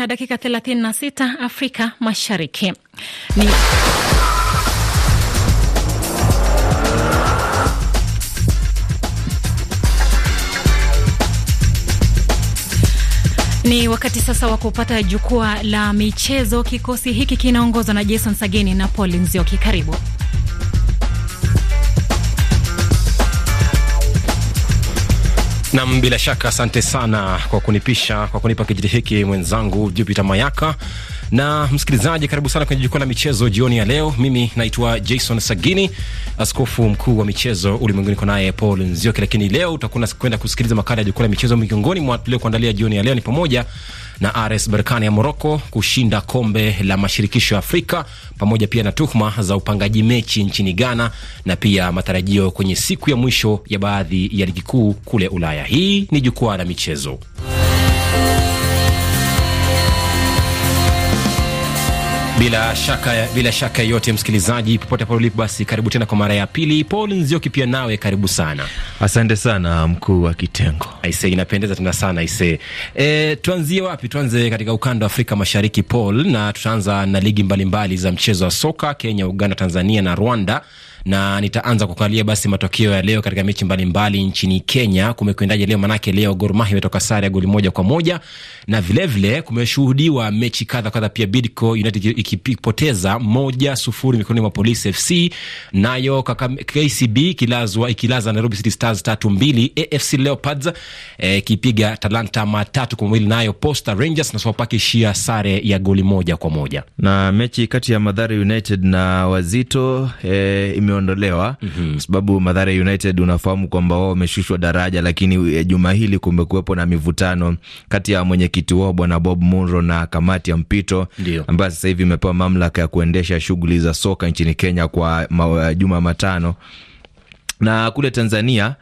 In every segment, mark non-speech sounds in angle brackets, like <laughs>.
na dakika 36 Afrika Mashariki ni Ni wakati sasa wa kupata jukwaa la michezo. Kikosi hiki kinaongozwa na Jason Sageni na Paul Nzioki. Karibu. Nam, bila shaka asante sana kwa kunipisha, kwa kunipa kijiti hiki mwenzangu Jupiter Mayaka. Na msikilizaji, karibu sana kwenye jukwaa la michezo jioni ya leo. Mimi naitwa Jason Sagini, askofu mkuu wa michezo ulimwenguni. kwa naye Paul Nzioki, lakini leo utakwenda kwenda kusikiliza makala ya jukwaa la michezo. Miongoni mwa tuliokuandalia jioni ya leo ni pamoja na RS Berkane ya Moroko kushinda kombe la mashirikisho ya Afrika, pamoja pia na tuhuma za upangaji mechi nchini Ghana na pia matarajio kwenye siku ya mwisho ya baadhi ya ligi kuu kule Ulaya. Hii ni jukwaa la michezo. Bila shaka, bila shaka yote, msikilizaji popote pale ulipo, basi karibu tena kwa mara ya pili. Paul Nzioki pia nawe karibu sana, asante sana mkuu wa kitengo. Aise, inapendeza tena sana aise. E, tuanzie wapi? Tuanze katika ukanda wa Afrika Mashariki, Paul, na tutaanza na ligi mbalimbali mbali za mchezo wa soka Kenya, Uganda, Tanzania na Rwanda na nitaanza kuangalia basi matokeo ya leo katika mechi mbalimbali nchini Kenya. Kumekwendaje leo? Manake leo Gor Mahia imetoka sare ya goli moja kwa moja, na vilevile kumeshuhudiwa mechi kadha kadha, pia Bidco United ikipoteza moja sufuri mikononi mwa Police FC, nayo KCB ikilazwa ikilaza Nairobi City Stars tatu mbili, AFC Leopards eh, ikipiga eh, Talanta matatu kwa mawili, nayo Posta Rangers na Sofapaka ishia sare ya goli moja kwa moja. Na mechi kati ya Madhari United na Wazito eh, ime imeondolewa mm-hmm. sababu Mathare United unafahamu kwamba wao wameshushwa daraja, lakini eh, juma hili kumekuwepo na mivutano kati ya mwenyekiti wao bwana Bob Munro na kamati ya mpito ambayo sasa hivi imepewa mamlaka ya kuendesha shughuli za soka nchini Kenya kwa majuma matano na kule Tanzania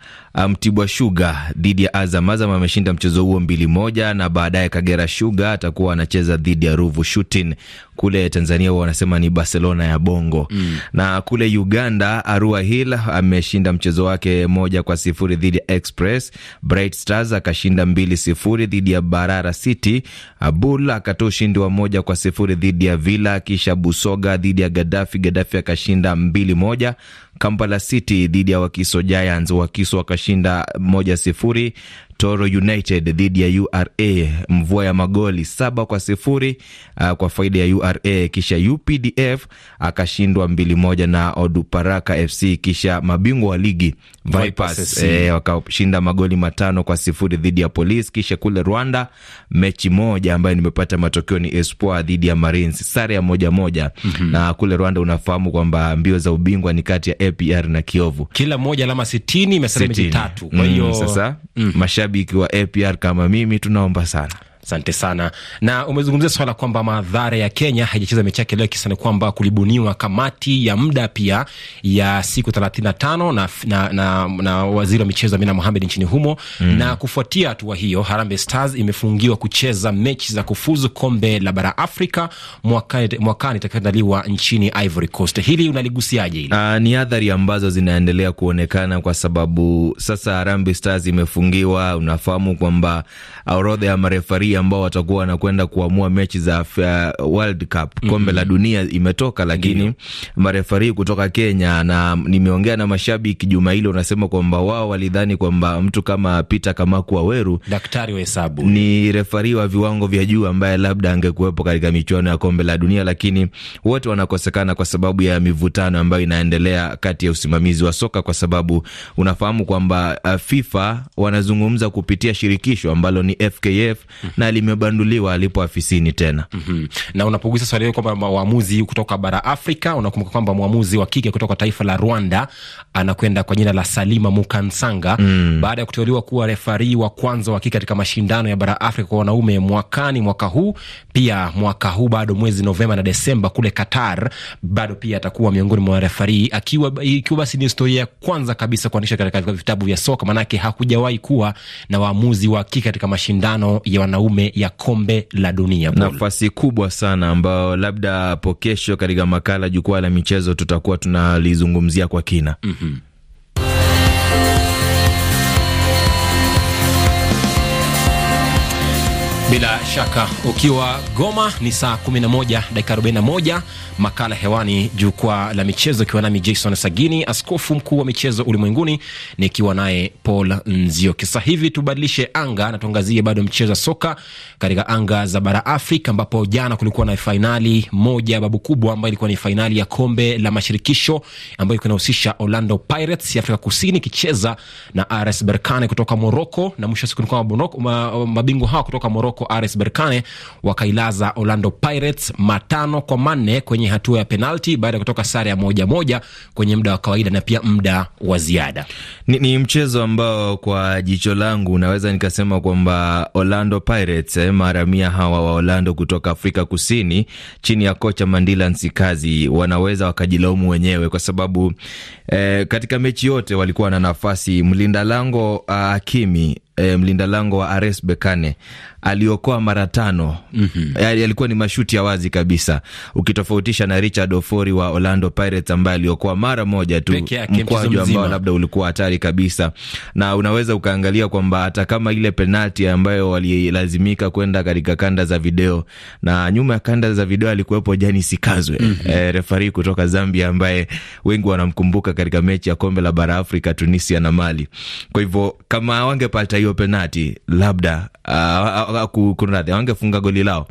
Mtibwa um, Shuga dhidi ya Azam. Azam ameshinda mchezo huo mbili moja, na baadaye Kagera Shuga atakuwa anacheza dhidi ya Ruvu Shooting. Kule Tanzania huwa wanasema ni Barcelona ya Bongo mm. na kule Uganda Arua Hill ameshinda mchezo wake moja kwa sifuri dhidi ya Express. Bright Stars akashinda mbili sifuri dhidi ya Barara City. Abul akatoa ushindi wa moja kwa sifuri dhidi ya Villa, kisha Busoga dhidi ya Gadafi. Gadafi akashinda mbili moja Kampala City dhidi ya Wakiso Giants. Wakiso wakashinda moja sifuri Toro United dhidi ya URA, mvua ya magoli saba kwa sifuri uh, kwa faida ya URA. Kisha UPDF akashindwa mbili moja na Oduparaka FC, kisha mabingwa wa ligi Vipers eh, wakashinda magoli matano kwa sifuri dhidi ya Police. Kisha kule Rwanda mechi moja ambayo nimepata matokeo ni Espoir dhidi ya Marines, sare ya moja moja. mm -hmm. Na kule Rwanda unafahamu kwamba mbio za ubingwa ni kati ya APR na Kiovu, kila moja alama sitini, imesema mechi tatu. Kwa mm, hiyo sasa mm. mashabiki mashabiki wa APR kama mimi tunaomba sana Asante sana. Na umezungumzia swala kwamba madhara ya Kenya haijacheza mechi yake leo, kisa ni kwamba kulibuniwa kamati ya muda pia ya siku thelathini na tano na, na, na, na waziri wa michezo Amina Mohamed nchini humo mm. Na kufuatia hatua hiyo, Harambee Stars imefungiwa kucheza mechi za kufuzu kombe la bara Afrika mwakani, itakaandaliwa nchini Ivory Coast. Hili unaligusiaje hili? Uh, ni adhari ambazo zinaendelea kuonekana kwa sababu sasa Harambee Stars imefungiwa. Unafahamu kwamba orodha ya marefaria ambao watakuwa wanakwenda kuamua mechi za uh, World Cup mhm. kombe mm -hmm. la dunia imetoka, lakini marefari kutoka Kenya na nimeongea na mashabiki juma hilo, unasema kwamba wao walidhani kwamba mtu kama Peter Kamaku Waweru, daktari wa hesabu, ni refari wa viwango vya juu ambaye labda angekuwepo katika michuano ya kombe la dunia, lakini wote wanakosekana kwa sababu ya mivutano ambayo inaendelea kati ya usimamizi wa soka, kwa sababu unafahamu kwamba uh, FIFA wanazungumza kupitia shirikisho ambalo ni FKF mhm. na limebanduliwa alipo afisini tena. mm -hmm. Na unapogusa swali hilo kwamba waamuzi kutoka bara Afrika, unakumbuka kwamba mwamuzi wa kike kutoka taifa la Rwanda anakwenda kwa jina la Salima Mukansanga mm. baada ya kuteuliwa kuwa refari wa kwanza wa kike katika mashindano ya bara Afrika kwa wanaume mwakani, mwaka huu pia, mwaka huu bado mwezi Novemba na Desemba kule Qatar, bado pia atakuwa miongoni mwa refari, akiwa ikiwa basi ni historia ya kwanza kabisa kuandisha katika vitabu vya soka, maanake hakujawahi kuwa na waamuzi wa kike katika mashindano ya wanaume wanaume ya kombe la dunia. Nafasi kubwa sana ambayo labda hapo kesho katika makala jukwaa la michezo tutakuwa tunalizungumzia kwa kina. mm -hmm. Bila shaka ukiwa Goma ni saa 11 dakika 41, makala hewani, jukwaa la michezo, ikiwa nami Jason Sagini, askofu mkuu wa michezo ulimwenguni, nikiwa naye Paul Nzio. Sasa hivi tubadilishe anga na tuangazie bado mchezo wa soka katika anga za bara Afrika, ambapo jana kulikuwa na fainali moja babu kubwa, ambayo ilikuwa ni fainali ya kombe la mashirikisho ambayo ilikuwa inahusisha Orlando Pirates ya Afrika Kusini ikicheza na RS Berkane kutoka Moroko, na mwisho wa siku mabingwa hawa kutoka Moroko huko RS Berkane wakailaza Orlando Pirates matano kwa manne kwenye hatua ya penalti baada ya kutoka sare ya moja moja kwenye muda wa kawaida na pia muda wa ziada. Ni, ni mchezo ambao kwa jicho langu naweza nikasema kwamba Orlando Pirates eh, maharamia hawa wa Orlando kutoka Afrika Kusini chini ya kocha Mandila Nsikazi wanaweza wakajilaumu wenyewe kwa sababu eh, katika mechi yote walikuwa na nafasi mlinda lango ah, Hakimi eh, mlinda lango wa Ares Bekane aliokoa mara tano. mm -hmm. Yalikuwa ni mashuti ya wazi kabisa, ukitofautisha na Richard Ofori wa Orlando Pirates ambaye aliokoa mara moja tu, mkwaju ambao labda ulikuwa hatari kabisa, na unaweza ukaangalia kwamba hata kama ile penalti ambayo walilazimika kwenda katika kanda za video, na nyuma ya kanda za video alikuwepo Janis Sikazwe, mm -hmm. eh, refari kutoka Zambia ambaye wengi wanamkumbuka katika mechi ya kombe la bara Afrika, Tunisia na Mali. Kwa hivyo kama wangepata hiyo hiyo penati labda ah, ah, ah, kunradhi, wangefunga goli lao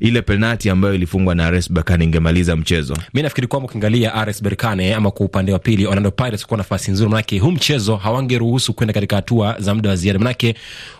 ile penati ambayo ilifungwa na RS Berkane ingemaliza mchezo. Mi nafikiri kwamba ukiangalia RS Berkane ama kwa upande wa pili Orlando Pirates kuwa nafasi nzuri, manake huu mchezo hawangeruhusu kwenda katika hatua za muda wa ziada, manake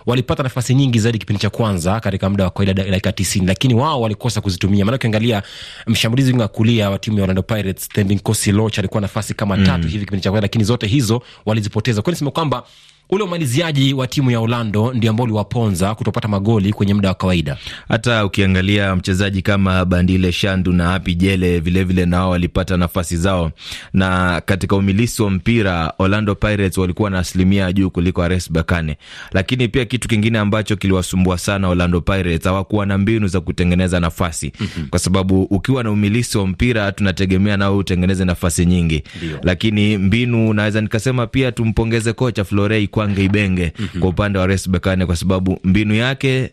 walipata nafasi nyingi zaidi kipindi cha kwanza katika muda wa kawaida dakika tisini, lakini wao walikosa kuzitumia. Maanake ukiangalia mshambulizi wa kulia wa timu ya Orlando Pirates Thembinkosi Loch alikuwa nafasi kama mm. tatu mm, hivi kipindi cha kwanza, lakini zote hizo walizipoteza. Kwani sema kwamba ule umaliziaji wa timu ya Orlando ndio ambao uliwaponza kutopata magoli kwenye muda wa kawaida. Hata ukiangalia mchezaji kama Bandile Shandu na Api Jele vilevile nao walipata nafasi zao, na katika umilisi wa mpira Orlando Pirates walikuwa na asilimia juu kuliko RS Berkane. Lakini pia kitu kingine ambacho kiliwasumbua sana Orlando Pirates hawakuwa na mbinu za kutengeneza nafasi mm -hmm. kwa sababu ukiwa na umilisi wa mpira tunategemea nao utengeneze nafasi nyingi Dio. Lakini mbinu naweza nikasema pia tumpongeze kocha Florei Kwange Ibenge mm -hmm. kwa upande wa RS Berkane kwa sababu mbinu yake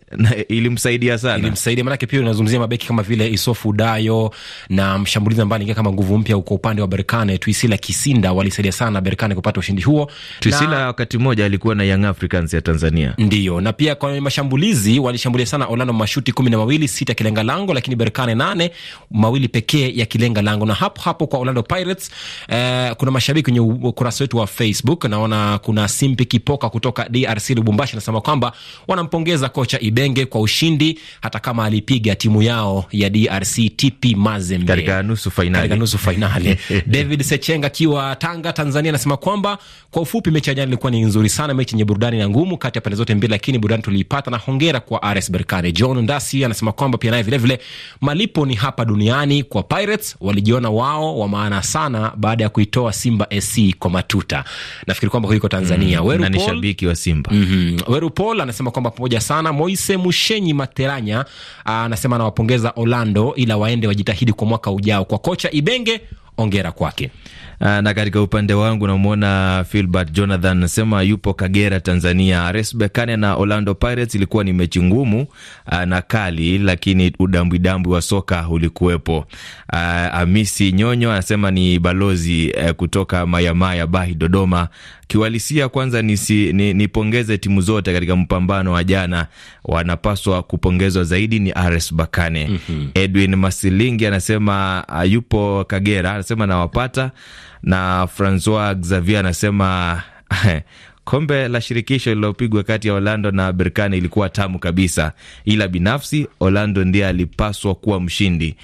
ilimsaidia sana, ilimsaidia maanake, pia unazungumzia mabeki kama vile Isofu Dayo na mshambulizi ambaye anaingia kama nguvu mpya kwa upande wa Berkane, Tuisila Kisinda walisaidia sana Berkane kupata ushindi huo. Tuisila na... wakati mmoja alikuwa na Young Africans ya Tanzania, ndio. Na pia kwa mashambulizi walishambulia sana Orlando, mashuti kumi na mawili, sita kilenga lango, lakini Berkane nane mawili pekee ya kilenga lango. Na hapo hapo kwa Orlando Pirates eh, kuna mashabiki kwenye ukurasa wetu wa Facebook naona kuna simpiki Kipoka kutoka DRC Lubumbashi anasema kwamba wanampongeza kocha Ibenge kwa ushindi hata kama alipiga timu yao ya DRC TP Mazembe katika nusu fainali. Katika nusu fainali. <laughs> David Sechenga akiwa Tanga, Tanzania anasema kwamba kwa ufupi, mechi ya jana ilikuwa ni nzuri sana, mechi yenye burudani na ngumu kati ya pande zote mbili, lakini burudani tuliipata na hongera kwa RS Berkane. John Ndasi anasema kwamba pia naye vilevile malipo ni hapa duniani kwa Pirates, walijiona wao wa maana sana baada ya kuitoa Simba SC kwa matuta. Nafikiri kwamba huko Tanzania mm, na ni shabiki wa Simba. Mm -hmm. Werupol anasema kwamba pamoja sana. Moise Mushenyi Materanya ah, anasema anawapongeza Orlando, ila waende wajitahidi kwa mwaka ujao. Kwa kocha Ibenge, ongera kwake. Ah, na katika upande wangu namwona Filbert Jonathan anasema yupo Kagera, Tanzania. RS Berkane na Orlando Pirates ilikuwa ni mechi ngumu ah, na kali, lakini udambwidambwi wa soka ulikuwepo. Ah, Amisi Nyonyo anasema ni balozi eh, kutoka Mayamaya Bahi, Dodoma. Kiwalisia kwanza nipongeze ni, ni timu zote katika mpambano wa jana, wanapaswa kupongezwa zaidi ni RS Berkane. mm -hmm. Edwin Masilingi anasema yupo Kagera, anasema nawapata na Francois Xavier anasema <laughs> kombe la shirikisho lililopigwa kati ya Orlando na Berkane ilikuwa tamu kabisa, ila binafsi Orlando ndiye alipaswa kuwa mshindi.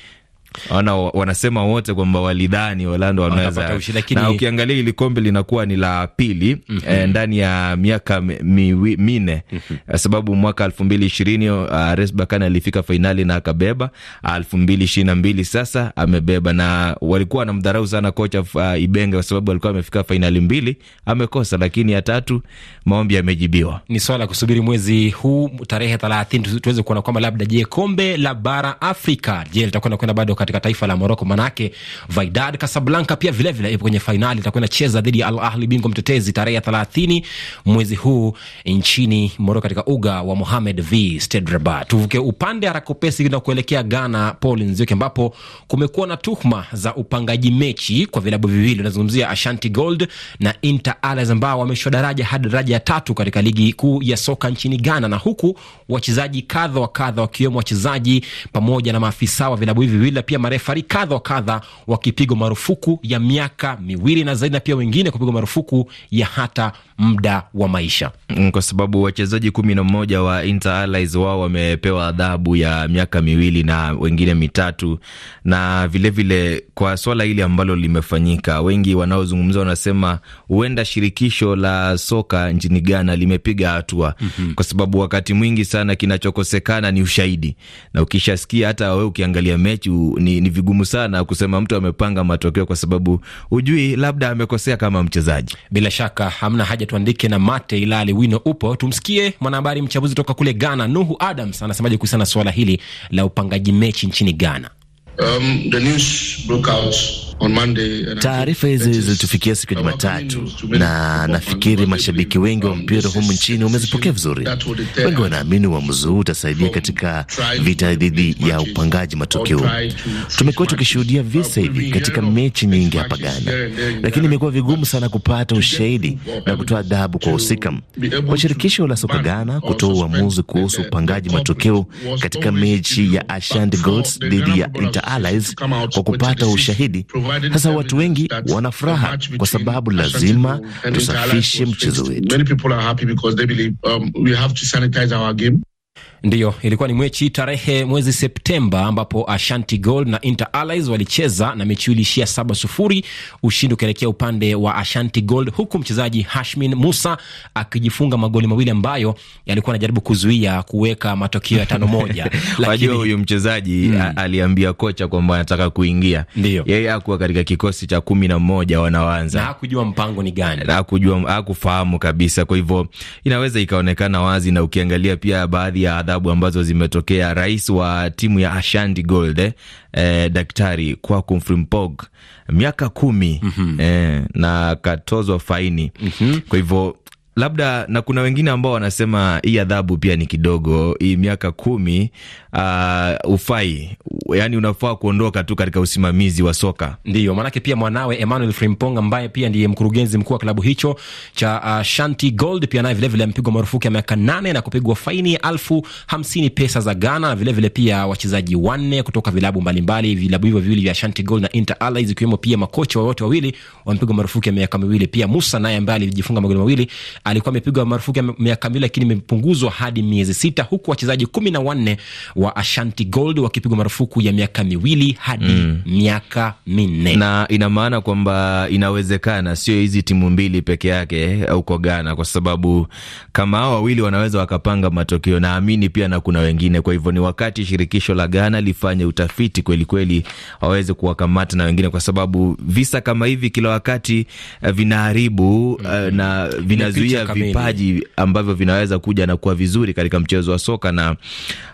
Wana, wanasema wote kwamba walidhani Orlando wanaweza, na ukiangalia ili kombe linakuwa ni la pili mm -hmm. eh, ndani ya miaka miwi, mi, mm -hmm. sababu mwaka elfu mbili ishirini uh, eh, RS Berkane alifika fainali na akabeba. elfu mbili ishirini na mbili sasa amebeba, na walikuwa wanamdharau sana kocha uh, Ibenga kwa sababu alikuwa amefika fainali mbili amekosa, lakini ya tatu maombi yamejibiwa. Ni swala kusubiri mwezi huu tarehe thelathini tuweze kuona kwamba labda je kombe la bara Afrika je litakwenda kwenda bado katika taifa la Moroko. Manake Vaidad Kasablanka pia vilevile ipo kwenye fainali, itakwenda cheza dhidi ya Al Ahli, bingwa mtetezi, tarehe ya thelathini mwezi huu nchini Moroko, katika uga wa Mohamed V Stedrebar. Tuvuke upande harakopesi na kuelekea Ghana, Paul Nzioki, ambapo kumekuwa na tuhuma za upangaji mechi kwa vilabu viwili. Unazungumzia Ashanti Gold na Inter Allies ambao wameshuka daraja hadi daraja ya tatu katika ligi kuu ya soka nchini Ghana, na huku wachezaji kadha wa kadha wakiwemo wachezaji pamoja na maafisa wa vilabu hivi viwili pia marefari kadha wa kadha wakipigwa marufuku ya miaka miwili na zaidi, na pia wengine kupigwa marufuku ya hata muda wa maisha, mm, kwa sababu wachezaji kumi na mmoja wa Inter Allies wao wamepewa adhabu ya miaka miwili na wengine mitatu, na vilevile vile kwa swala hili ambalo limefanyika, wengi wanaozungumza wanasema huenda shirikisho la soka nchini Ghana limepiga hatua mm -hmm. kwa sababu wakati mwingi sana kinachokosekana ni ushahidi, na ukishasikia hata wewe ukiangalia mechi ni, ni vigumu sana kusema mtu amepanga matokeo kwa sababu hujui labda amekosea kama mchezaji. Bila shaka hamna haja tuandike na mate, ilali wino upo. Tumsikie mwanahabari mchambuzi toka kule Ghana, Nuhu Adams anasemaje kuhusiana na suala hili la upangaji mechi nchini Ghana. Um, the news broke out Uh, Taarifa hizi zilitufikia siku ya Jumatatu, na nafikiri mashabiki wengi wa mpira humu nchini wamezipokea vizuri. Wengi wanaamini uamuzi huu utasaidia katika vita dhidi ya upangaji matokeo. Tumekuwa tukishuhudia visa hivi katika mechi nyingi hapa Ghana, lakini imekuwa vigumu sana kupata ushahidi na kutoa adhabu kwa husika. Kwa shirikisho la soka Ghana kutoa uamuzi kuhusu upangaji matokeo katika mechi ya Ashanti Gold dhidi ya Inter Allies kwa kupata ushahidi sasa watu wengi wana furaha kwa sababu lazima tusafishe mchezo wetu. Ndiyo, ilikuwa ni mechi tarehe mwezi Septemba ambapo Ashanti Gold na Inter Allies walicheza na mechi iliishia saba sufuri, ushindi ukielekea upande wa Ashanti Gold, huku mchezaji Hashmin Musa akijifunga magoli mawili ambayo yalikuwa anajaribu kuzuia kuweka matokeo ya tano moja. <laughs> Wajua huyu mchezaji mm, aliambia kocha kwamba anataka kuingia, Ndiyo, yeye akuwa katika kikosi cha kumi na mmoja wanaoanza, na hakujua mpango ni gani, na hakujua hakufahamu kabisa. Kwa hivyo inaweza ikaonekana wazi, na ukiangalia pia baadhi ya adhabu ambazo zimetokea rais wa timu ya Ashanti Gold eh, eh Daktari Kwaku Frimpong miaka kumi mm -hmm. eh, na katozwa faini mm -hmm. kwa hivyo labda na kuna wengine ambao wanasema hii adhabu pia ni kidogo, hii miaka kumi uh, ah, ufai, yani unafaa kuondoka tu katika usimamizi wa soka. Ndio maanake pia mwanawe Emmanuel Frimpong ambaye pia ndiye mkurugenzi mkuu wa klabu hicho cha uh, Shanti Gold pia naye vilevile amepigwa marufuku ya miaka nane na kupigwa faini ya elfu hamsini pesa za Ghana, na vilevile pia wachezaji wanne kutoka vilabu mbalimbali, vilabu hivyo viwili vya Shanti Gold na Inter Allies, ikiwemo pia makocha wote wawili wamepigwa marufuku ya miaka miwili. Pia Musa naye ambaye alijifunga magoli mawili alikuwa amepigwa marufuku ya miaka miwili, lakini imepunguzwa hadi miezi sita, huku wachezaji kumi na wanne wa Ashanti Gold wakipigwa marufuku ya miaka miwili hadi mm. miaka minne, na ina maana kwamba inawezekana sio hizi timu mbili peke yake eh, huko Ghana, kwa sababu kama hao wawili wanaweza wakapanga matokeo, naamini pia na kuna wengine. Kwa hivyo ni wakati shirikisho la Ghana lifanye utafiti kwelikweli, waweze kuwakamata na wengine, kwa sababu visa kama hivi kila wakati eh, vinaharibu mm. na vinazuia pia vipaji ambavyo vinaweza kuja na kuwa vizuri katika mchezo wa soka, na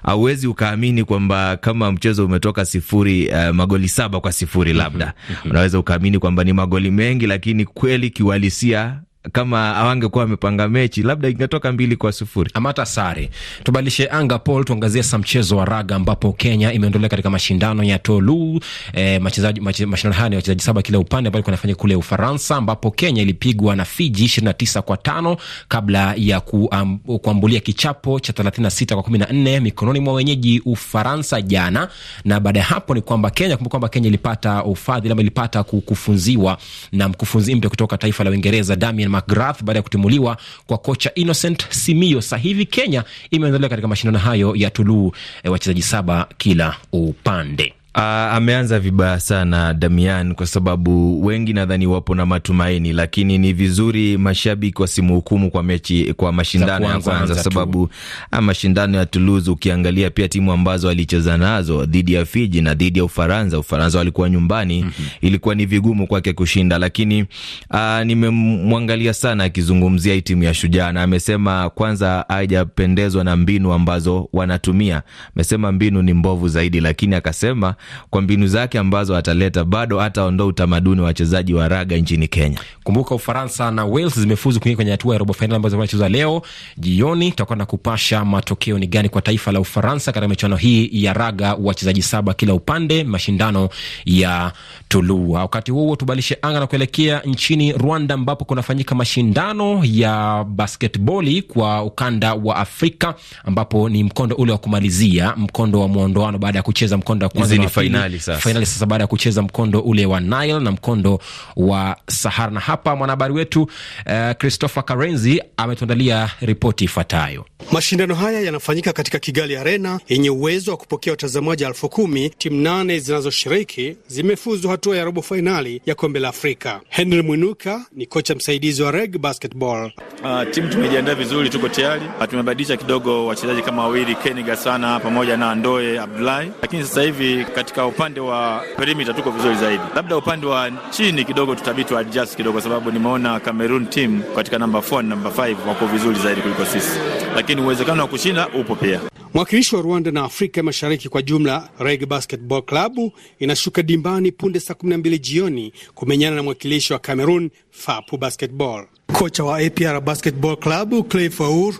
hauwezi ukaamini kwamba kama mchezo umetoka sifuri, uh, magoli saba kwa sifuri labda <laughs> unaweza ukaamini kwamba ni magoli mengi, lakini kweli kiuhalisia kama awangekuwa wamepanga mechi labda ingetoka mbili kwa sufuri ama hata sare. Tubadilishe anga Paul, tuangazie sa mchezo wa raga ambapo Kenya imeondolea katika mashindano ya Tolu e, machezaji mashindano haya ni wachezaji saba kila upande ambao kunafanya kule Ufaransa, ambapo Kenya ilipigwa na Fiji na tisa kwa tano kabla ya ku, um, kuambulia kichapo cha thelathini na sita kwa kumi na nne mikononi mwa wenyeji Ufaransa jana. Na baada ya hapo ni kwamba Kenya kumbuka kwamba Kenya ilipata ufadhili ama ilipata kufunziwa na mkufunzi mpya kutoka taifa la Uingereza Damian Brian McGrath baada ya kutimuliwa kwa kocha Innocent Simio. Sasa hivi Kenya imeondolewa katika mashindano hayo ya Tuluu, e, wachezaji saba kila upande. Uh, ameanza vibaya sana Damian, kwa sababu wengi nadhani wapo na matumaini, lakini ni vizuri mashabiki wasimhukumu kwa mechi, kwa mashindano ya kwanza, sababu ah, mashindano ya Toulouse, ukiangalia pia timu ambazo alicheza nazo dhidi ya Fiji na dhidi ya Ufaransa, Ufaransa walikuwa nyumbani mm -hmm. Ilikuwa ni vigumu kwake kushinda, lakini uh, nimemwangalia sana akizungumzia hii timu ya Shujaa na amesema kwanza hajapendezwa na mbinu ambazo wanatumia. Amesema mbinu ni mbovu zaidi, lakini akasema kwa mbinu zake ambazo ataleta, bado hataondoa utamaduni wa wachezaji wa raga nchini Kenya. Kumbuka Ufaransa na Wales zimefuzu kuingia kwenye hatua ya robo fainali ambazo wanacheza leo jioni. Tutakuwa na kupasha matokeo ni gani kwa taifa la Ufaransa katika michuano hii ya raga, wachezaji saba kila upande, mashindano ya Toulouse. Wakati huo tubadilishe anga na kuelekea nchini Rwanda ambapo kunafanyika mashindano ya basketboli kwa ukanda wa Afrika ambapo ni mkondo ule wa kumalizia mkondo wa mwondoano baada ya kucheza mkondo wa kwanza fainalisasa fainali sasa, fainali sasa baada ya kucheza mkondo ule wa Nile na mkondo wa Sahara. Na hapa mwanahabari wetu uh, Christopher Karenzi ametuandalia ripoti ifuatayo. Mashindano haya yanafanyika katika Kigali Arena yenye uwezo wa kupokea watazamaji elfu kumi. Timu nane zinazoshiriki zimefuzu hatua ya robo fainali ya kombe la Afrika. Henry Mwinuka ni kocha msaidizi wa Reg Basketball. Uh, timu tumejiandaa vizuri, tuko tayari. Ah, tumebadilisha kidogo wachezaji kama wawili, Ken Gasana pamoja na Ndoe Abdulahi, lakini sasa hivi katika upande wa perimeter tuko vizuri zaidi, labda upande wa chini kidogo tutabidi adjust kidogo, kwa sababu nimeona Cameroon team katika namba 4 na namba 5 wako vizuri zaidi kuliko sisi, lakini uwezekano wa kushinda upo pia. Mwakilishi wa Rwanda na Afrika Mashariki kwa jumla, Reg Basketball Club inashuka dimbani punde saa 12 jioni kumenyana na mwakilishi wa Cameroon, Fapu Basketball. Kocha wa APR Basketball Club Clay Faur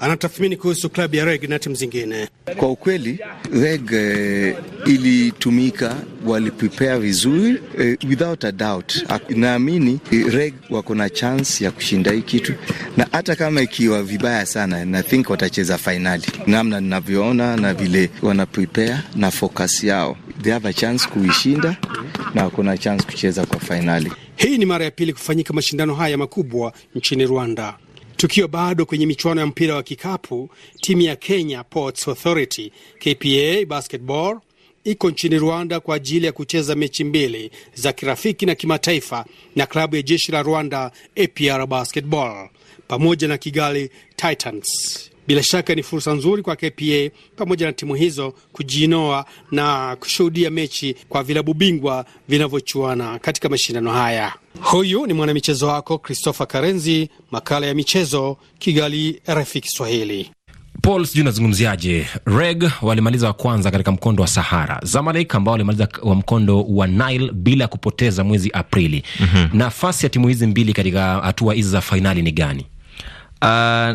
anatathmini kuhusu klabu ya Reg na timu zingine. Kwa ukweli, Reg eh, ilitumika walipepea vizuri eh, without a doubt. Naamini eh, Reg wako na chance ya kushinda hii kitu, na hata kama ikiwa vibaya sana, na think watacheza fainali, namna ninavyoona na vile wana na focus yao, they have a chance kuishinda na wako na chance kucheza kwa fainali. Hii ni mara ya pili kufanyika mashindano haya makubwa nchini Rwanda. Tukio bado kwenye michuano ya mpira wa kikapu, timu ya Kenya Ports Authority KPA Basketball iko nchini Rwanda kwa ajili ya kucheza mechi mbili za kirafiki na kimataifa na klabu ya jeshi la Rwanda APR Basketball pamoja na Kigali Titans. Bila shaka ni fursa nzuri kwa KPA pamoja na timu hizo kujiinoa na kushuhudia mechi kwa vilabu bingwa vinavyochuana katika mashindano haya. Huyu ni mwanamichezo wako Christopher Karenzi, makala ya michezo, Kigali, RFI Kiswahili. Paul, sijui unazungumziaje? Reg walimaliza wa kwanza katika mkondo wa Sahara, Zamalek ambao walimaliza wa mkondo wa Nile bila kupoteza mwezi Aprili. mm -hmm. Nafasi ya timu hizi mbili katika hatua hizi za fainali ni gani? Uh,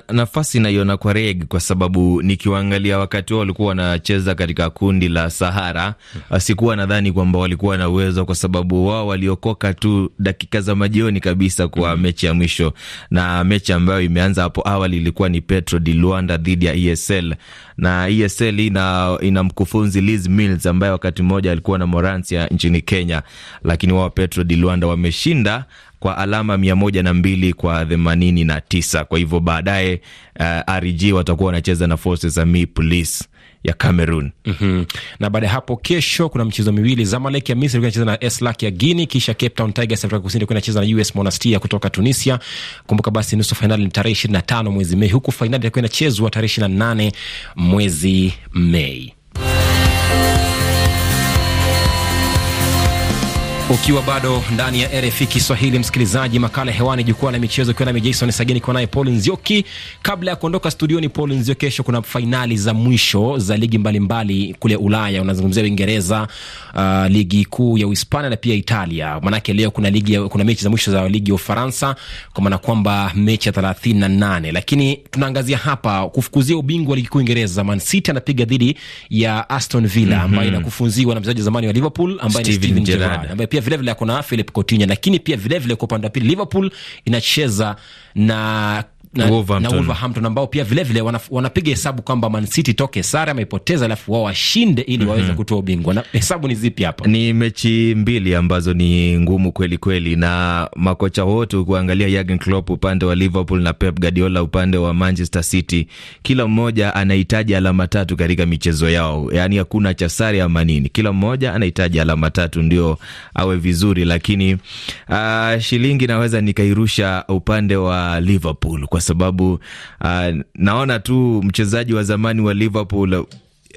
nafasi naiona kwa Reg kwa sababu nikiwaangalia wakati wao walikuwa wanacheza katika kundi la Sahara, ah, sikuwa nadhani kwamba walikuwa na uwezo, kwa sababu wao waliokoka tu dakika za majioni kabisa kwa mm -hmm. mechi ya mwisho, na mechi ambayo imeanza hapo awali ilikuwa ni Petro di Luanda dhidi ya ESL, na ESL ina, ina mkufunzi Liz Mills ambaye wakati mmoja alikuwa na Moransia nchini Kenya, lakini wao Petro di Luanda wameshinda kwa alama mia moja na mbili kwa themanini na tisa. Kwa hivyo baadaye uh, RG watakuwa wanacheza na Forces Army Police ya Cameroon. Mm -hmm. Na baada ya hapo kesho kuna michezo miwili, Zamalek ya Misri inacheza na Eslak ya Guinea, kisha Cape Town Tigers Afrika Kusini inacheza na US Monastir kutoka Tunisia. Kumbuka basi nusu fainali ni tarehe 25 mwezi Mei, huku fainali itakuwa inachezwa tarehe 28 mwezi Mei. Ukiwa bado ndani ya RF Kiswahili, msikilizaji, makala hewani, jukwaa la michezo, ukiwa nami Jason Sagini, kwa naye Paul Nzioki. Kabla ya kuondoka studioni, Paul Nzioki, kesho kuna fainali za mwisho za ligi mbalimbali mbali kule Ulaya. Unazungumzia Uingereza, uh, ligi kuu ya Uhispania na pia Italia. Manake leo kuna ligi, kuna mechi za mwisho za ligi ya Ufaransa, kwa maana kwamba mechi ya thelathini na nane, lakini tunaangazia hapa kufukuzia ubingwa wa ligi kuu Uingereza. Man City anapiga dhidi ya Aston Villa ambayo mm -hmm. inakufunziwa na mchezaji zamani wa Liverpool ambaye ni Steven Gerrard ambaye pia vilevile vile na Philip Coutinho, lakini pia vilevile kwa upande wa pili Liverpool inacheza na na, Wolverhampton. na Wolverhampton ambao pia vilevile wanapiga hesabu kwamba Man City toke sare ameipoteza, alafu wao washinde ili mm -hmm. waweze kutoa ubingwa. Na hesabu ni zipi hapa? Ni mechi mbili ambazo ni ngumu kweli kweli, na makocha wote ukiangalia, Jurgen Klopp upande wa Liverpool na Pep Guardiola upande wa Manchester City, kila mmoja anahitaji alama tatu katika michezo yao, yani hakuna cha sare ama nini, kila mmoja anahitaji alama tatu ndio awe vizuri, lakini uh, shilingi naweza nikairusha upande wa Liverpool kwa sababu uh, naona tu mchezaji wa zamani wa Liverpool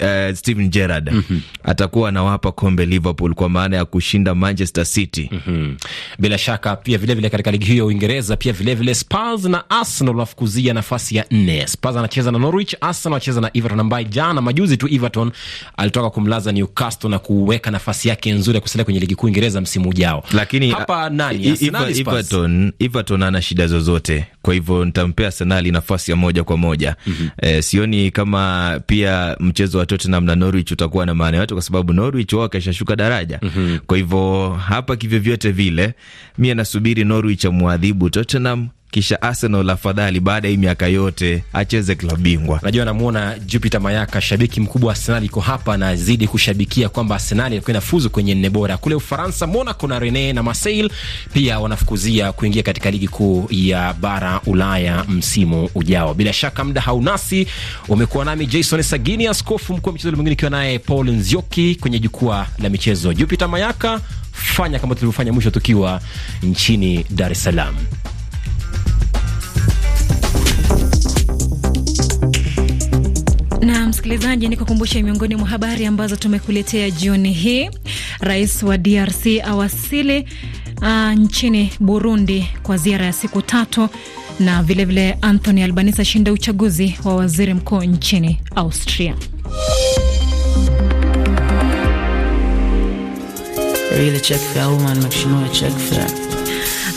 uh, Steven Gerrard mm -hmm. atakuwa anawapa kombe Liverpool kwa maana ya kushinda Manchester City mm -hmm. Bila shaka pia vilevile katika ligi hiyo ya Uingereza pia vilevile Spurs na Arsenal wafukuzia nafasi ya nne. Spurs anacheza na Norwich, Arsenal anacheza na Everton ambaye jana majuzi tu Everton alitoka kumlaza Newcastle na kuweka nafasi yake nzuri ya kusalia kwenye ligi kuu Uingereza msimu ujao. Lakini uh, hapa nani Arsenal, Everton, Everton ana shida zozote, kwa hivyo nitampea Arsenal nafasi ya moja kwa moja mm -hmm. Eh, sioni kama pia mchezo wa Tottenham na Norwich utakuwa na maana yote, kwa sababu Norwich wao kashashuka daraja. mm -hmm. Kwa hivyo hapa, kivyovyote vile, mimi nasubiri Norwich amwadhibu Tottenham kisha Arsenal afadhali, baada ya hii miaka yote acheze klabu bingwa. Najua namwona Jupiter Mayaka, shabiki mkubwa wa Arsenal, iko hapa na zidi kushabikia kwamba Arsenal ilikuwa inafuzu kwenye nne bora. Kule Ufaransa, Monaco na Rene na Marseille pia wanafukuzia kuingia katika ligi kuu ya bara Ulaya msimu ujao. Bila shaka mda haunasi, umekuwa nami Jason Sagini, askofu mkuu wa michezo mwingine, ikiwa naye Paul Nzioki kwenye jukwaa la michezo. Jupiter Mayaka, fanya kama tulivyofanya mwisho tukiwa nchini Dar es Salaam. Na msikilizaji, ni kukumbusha miongoni mwa habari ambazo tumekuletea jioni hii. Rais wa DRC awasili uh, nchini Burundi kwa ziara ya siku tatu, na vilevile vile Anthony Albanese ashinda uchaguzi wa waziri mkuu nchini Austria. Really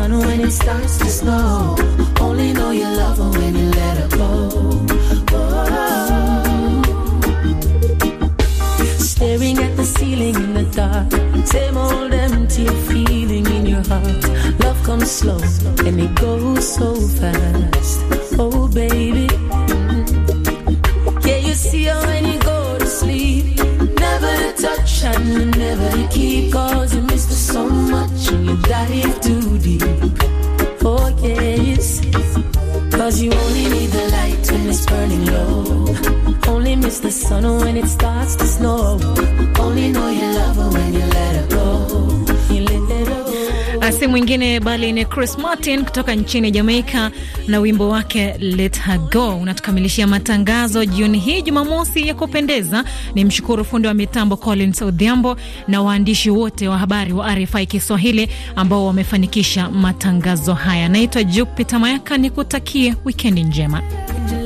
sun when it starts to snow. Only know you love her when you let her go. Oh. Staring at the ceiling in the dark, same old empty feeling in your heart. Love comes slow and it goes so fast. it starts to snow. Only know you love her when you let her go. Si mwingine bali ni Chris Martin kutoka nchini Jamaica na wimbo wake Let Her Go unatukamilishia matangazo jioni hii Jumamosi ya kupendeza. Ni mshukuru fundi wa mitambo Collins Odhiambo na waandishi wote wa habari wa RFI Kiswahili ambao wamefanikisha matangazo haya. Naitwa Jupiter Mayaka, nikutakie wikendi njema.